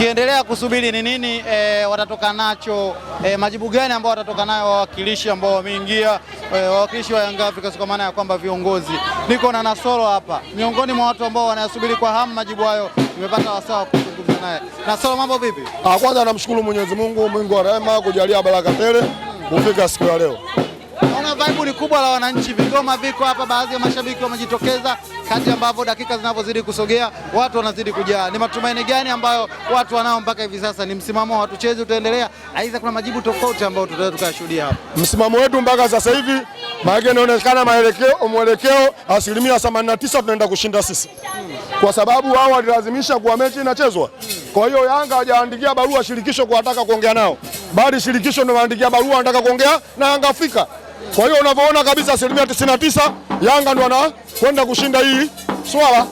Tukiendelea kusubiri ni nini e, watatoka nacho e, majibu gani ambao watatoka nayo wawakilishi ambao wameingia e, wawakilishi wa Young Africans, kwa maana ya kwamba viongozi. Niko na Nasoro hapa, miongoni mwa watu ambao wanayasubiri kwa hamu majibu hayo. Nimepata wasaa wa kuzungumza naye. Nasoro, mambo vipi? Ah, kwanza namshukuru Mwenyezi Mungu, Mungu wa rehema kujalia baraka tele kufika siku ya leo naona vibe ni kubwa la wananchi, vigoma viko hapa, baadhi ya mashabiki wamejitokeza. Kati ambavyo dakika zinavyozidi kusogea, watu wanazidi kujaa. Ni matumaini gani ambayo watu wanao mpaka hivi sasa? Ni msimamo wa tucheze utaendelea, aidha kuna majibu tofauti ambayo tutaweza tukashuhudia hapa? Msimamo wetu mpaka sasa hivi, maana inaonekana mwelekeo mwelekeo asilimia 89 tunaenda kushinda sisi, kwa sababu wao walilazimisha kuwa mechi inachezwa. Kwa hiyo Yanga hajaandikia barua shirikisho kuwataka kuongea nao, bali shirikisho ndio waandikia barua anataka kuongea na Yanga Afrika. Kwa hiyo unavyoona kabisa asilimia 99 Yanga ndo anakwenda kushinda hii swala.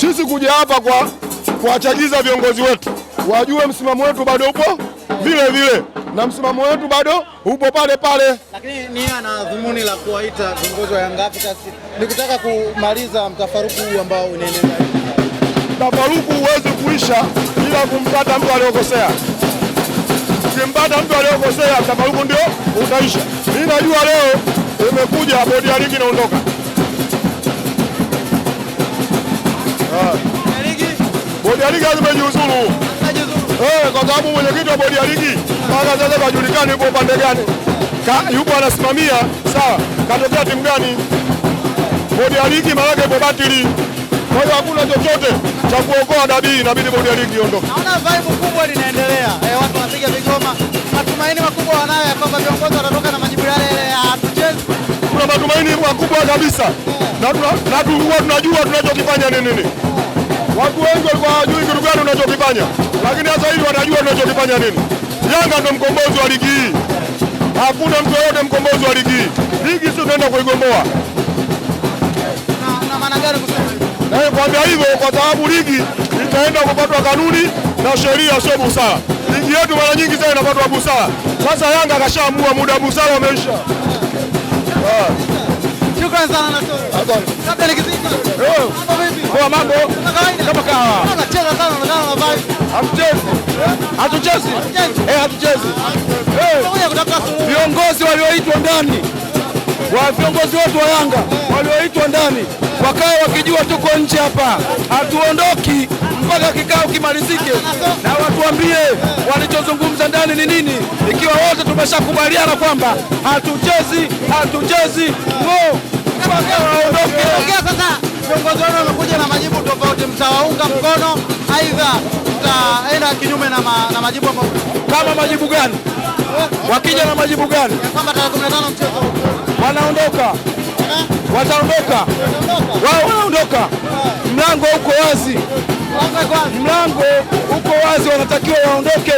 Sisi kuja hapa kwa kuwachagiza viongozi wetu wajue msimamo wetu bado upo vile vile na msimamo wetu bado upo pale pale, lakini ni ana dhumuni la kuwaita viongozi wa Yanga Africans ni kutaka kumaliza mtafaruku huu ambao unaendelea. Mtafaruku huwezi kuisha bila kumpata mtu aliyokosea ukimpata mtu aliyokosea mtafaruku ndio utaisha. Mimi najua leo umekuja, bodi ya ligi inaondoka bodi ya ligi lazima ijiuzuru, eh, kwa sababu mwenyekiti wa bodi ya ligi mpaka sasa hajulikani yuko upande gani, yuko anasimamia sawa, katokea timu gani. Bodi ya ligi maanake ipo batili. Kwa hiyo hakuna chochote cha kuokoa dabii, inabidi bodi ya ligi iondoke. Naona vibe kubwa linaendelea, eh, watu wanapiga vigoma, matumaini makubwa wanayo kwamba viongozi watatoka na majibu yale yale ya hatuchezi. Kuna matumaini makubwa kabisa eh. na huwa tunajua tunachokifanya ni nini. Eh. Watu wengi walikuwa hawajui kitu gani unachokifanya, lakini sasa hivi wanajua tunachokifanya nini. Yanga ndio mkombozi wa ligi hii, hakuna mtu yoyote mkombozi wa ligi hii. Ligi sio tunaenda kuigomboa. Na na maana gani na hivyo kwa sababu ligi itaenda kupatwa kanuni na sheria, sio busara. Ligi yetu mara nyingi sana inapatwa busara. Sasa Yanga akashaamua muda wa busara umeisha. sana na Kwa mambo kama kawa. Hatuchezi. Eh, hatuchezi. Viongozi walioitwa ndani wa viongozi wetu wa Yanga walioitwa ndani wakawa wakijua tuko nje hapa, hatuondoki mpaka kikao kimalizike, na watuambie walichozungumza ndani ni nini, ikiwa wote tumeshakubaliana kwamba hatuchezi, hatuchezi ngo mpaka waondoke. Viongozi wenu wamekuja na majibu tofauti, mtawaunga mkono aidha mtaenda kinyume na, ma, na majibu ambao kama majibu gani? Wakija na majibu gani? kwamba tarehe 15 mchezo wanaondoka wataondoka wao, wanaondoka. Mlango uko wazi, mlango uko wazi, wanatakiwa waondoke.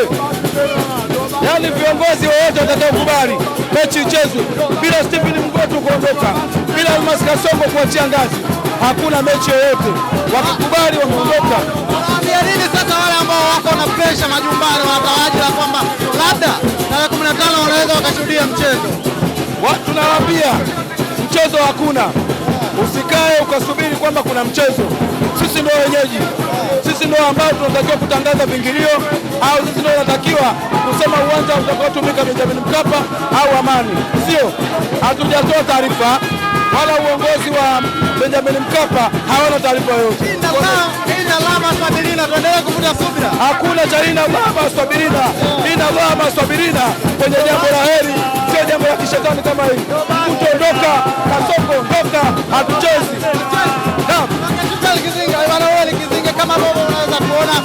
Yaani viongozi wowote watakaokubali mechi ichezwe bila Stephen Mng'oto kuondoka, bila Almas Kasongo kuachia ngazi, hakuna mechi yoyote. Wakikubali wameondoka. Wanaambia nini sasa wale ambao wako na presha majumbani, wanataraji kwamba labda tarehe 15 wanaweza wakashuhudia mchezo? Tunawaambia mchezo hakuna. Usikae ukasubiri kwamba kuna mchezo. Sisi ndio wenyeji, sisi ndio ambao tunatakiwa kutangaza vingilio, au sisi ndio tunatakiwa kusema uwanja utakaotumika Benjamin Mkapa au Amani, sio? Hatujatoa taarifa wala uongozi wa Benjamin Mkapa hawana taarifa yoyote. Hakuna cha inalama swabirina, inalama swabirina kwenye jambo la heri jambo la kishetani kama hili, kutondoka kasoko ndoka, hatuchezi Kizinga. Kama ambavyo kuona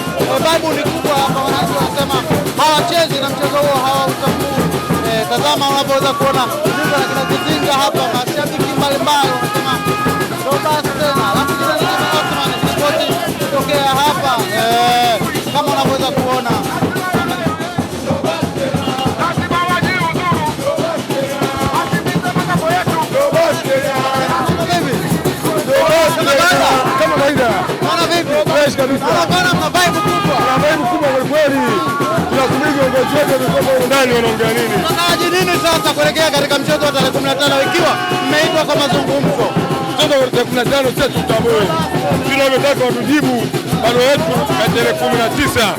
vaibu ni kubwa hapa, wananchi wanasema hawachezi na mchezo huo, hawautambui. Eh, tazama unavyoweza kuona Kizinga hapa Kuna vibe kubwa kwelikweli, tunasubiri viongozi wetu wanaongea nini, sasa kuelekea katika mchezo wa tarehe tano ikiwa mmeitwa kwa mazungumzo. Mchezo wa tarehe 15 sisi tutambue vile watujibu bado yetu ya tarehe 19.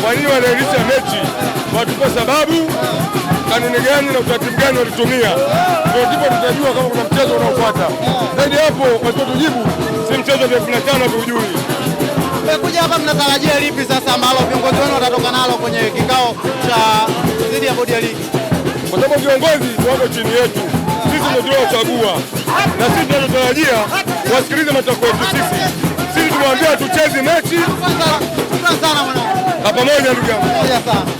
Kwa nini wanaahirisha mechi? Watupe sababu, kanuni gani na utaratibu gani walitumia, ndio ndipo tutajua kama kuna mchezo unaofuata. Zaidi hapo wasio tujibu, si mchezo wa tarehe na tano ujui mmekuja hapa mnatarajia lipi sasa ambalo viongozi wenu watatoka nalo kwenye kikao cha zidi ya bodi ya ligi? Kwa sababu viongozi wako chini yetu sisi ndio tuliowachagua, na sisi tunatarajia wasikilize matakwa yetu sisi. Sisi tumewaambia tucheze mechi. Sana mwanangu. Pamoja ndugu yangu. Pamoja sana.